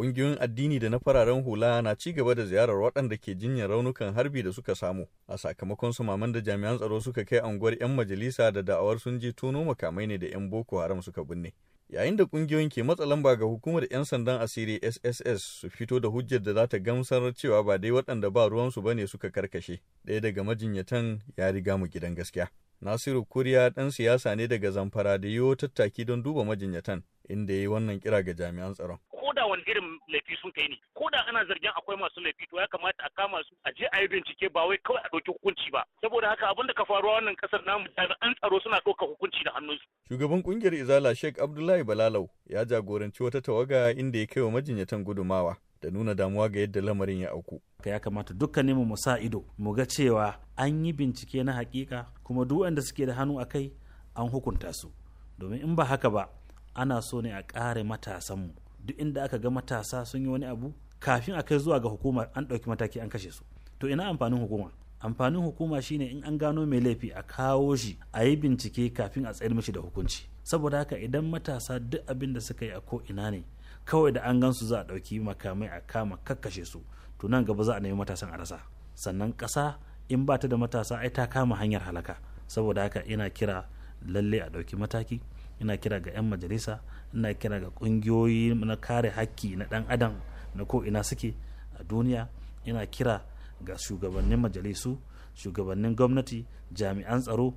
kungiyoyin addini da na fararen hula na ci gaba da ziyarar waɗanda ke jinyar raunukan harbi da suka samu a sakamakon sumaman da jami'an tsaro suka kai anguwar 'yan majalisa da da'awar sun je tono makamai ne da 'yan Boko Haram suka binne. Yayin da ƙungiyoyin ke matsa lamba ga hukumar 'yan sandan asiri SSS su fito da hujjar da za ta gamsar cewa ba dai waɗanda ba ruwansu ba ne suka karkashe. Ɗaya daga majinyatan ya riga mu gidan gaskiya. Nasiru Kuriya ɗan siyasa ne daga Zamfara da yiwo tattaki don duba majinyatan inda ya yi wannan kira ga jami'an tsaron. da wani irin laifi sun kai ne ko da ana zargin akwai masu laifi to ya kamata a kama su a je a yi bincike ba wai kawai a ɗauki hukunci ba saboda haka abin da ka faru a wannan ƙasar namu jami'an tsaro suna ɗaukar hukunci da hannunsu. shugaban kungiyar izala sheikh abdullahi balalau ya jagoranci wata tawaga inda ya kai wa majinyatan gudumawa da nuna damuwa ga yadda lamarin ya auku. ya kamata dukkanin mu sa ido mu ga cewa an yi bincike na hakika kuma duk wanda suke da hannu a kai an hukunta su domin in ba haka ba ana so ne a ƙare matasanmu duk inda aka ga matasa sun yi wani abu kafin a kai zuwa ga hukumar an ɗauki mataki an kashe su to ina amfanin hukuma amfanin hukuma shine in an gano mai laifi a kawo shi a yi bincike kafin a tsayar mishi da hukunci saboda haka idan matasa duk abin da suka yi a ko ina ne kawai da an gan su za a ɗauki makamai a kama kakkashe su to nan gaba za a nemi matasan a rasa sannan ƙasa in ba ta da matasa ai ta kama hanyar halaka saboda haka ina kira lalle a ɗauki mataki ina kira ga 'yan majalisa ina kira ga ƙungiyoyi na kare hakki na ɗan adam na ko ina suke a duniya ina kira ga shugabannin majalisu shugabannin gwamnati jami'an tsaro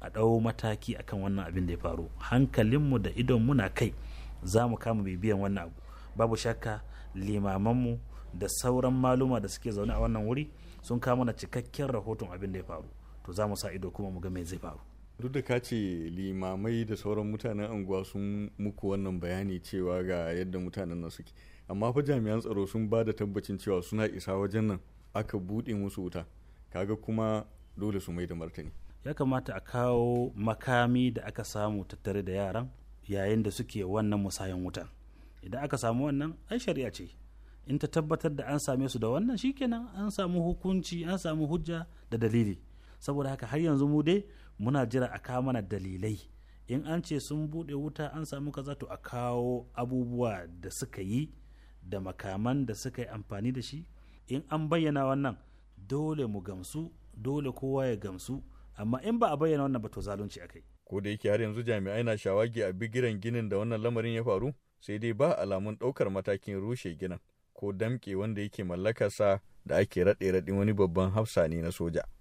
a ɗau mataki akan wannan abin da ya faru hankalinmu da idonmu na kai za mu kama bibiyan wannan abu babu shakka limamanmu da sauran maluma da suke zaune a wannan wuri sun kama na cikakken rahoton abin da ya faru to za mu sa ido kuma mu ga me zai faru duk da ka ce limamai da sauran mutanen unguwa sun muku wannan bayani cewa ga yadda mutanen nan suke amma fa jami'an tsaro sun ba da tabbacin cewa suna isa wajen nan aka buɗe musu wuta kaga kuma dole su mai da martani ya kamata a kawo makami da aka samu tattare da yaran yayin da suke wannan musayan wuta idan aka samu wannan ai shari'a ce in ta tabbatar da an same su da wannan shikenan an samu hukunci an samu hujja da dalili saboda haka har yanzu mu dai muna jira a kawo mana dalilai in an ce sun buɗe wuta an samu kaza to a kawo abubuwa da suka yi da makaman da suka yi amfani da shi in an bayyana wannan dole mu gamsu dole kowa ya gamsu amma in ba a bayyana wannan ba to zalunci akai ko da yake har yanzu jami'ai na shawagi a bigiran ginin da wannan lamarin ya faru sai dai ba alamun ɗaukar matakin rushe ginin ko damƙe wanda yake sa da ake raɗe-raɗin wani babban hafsa ne na soja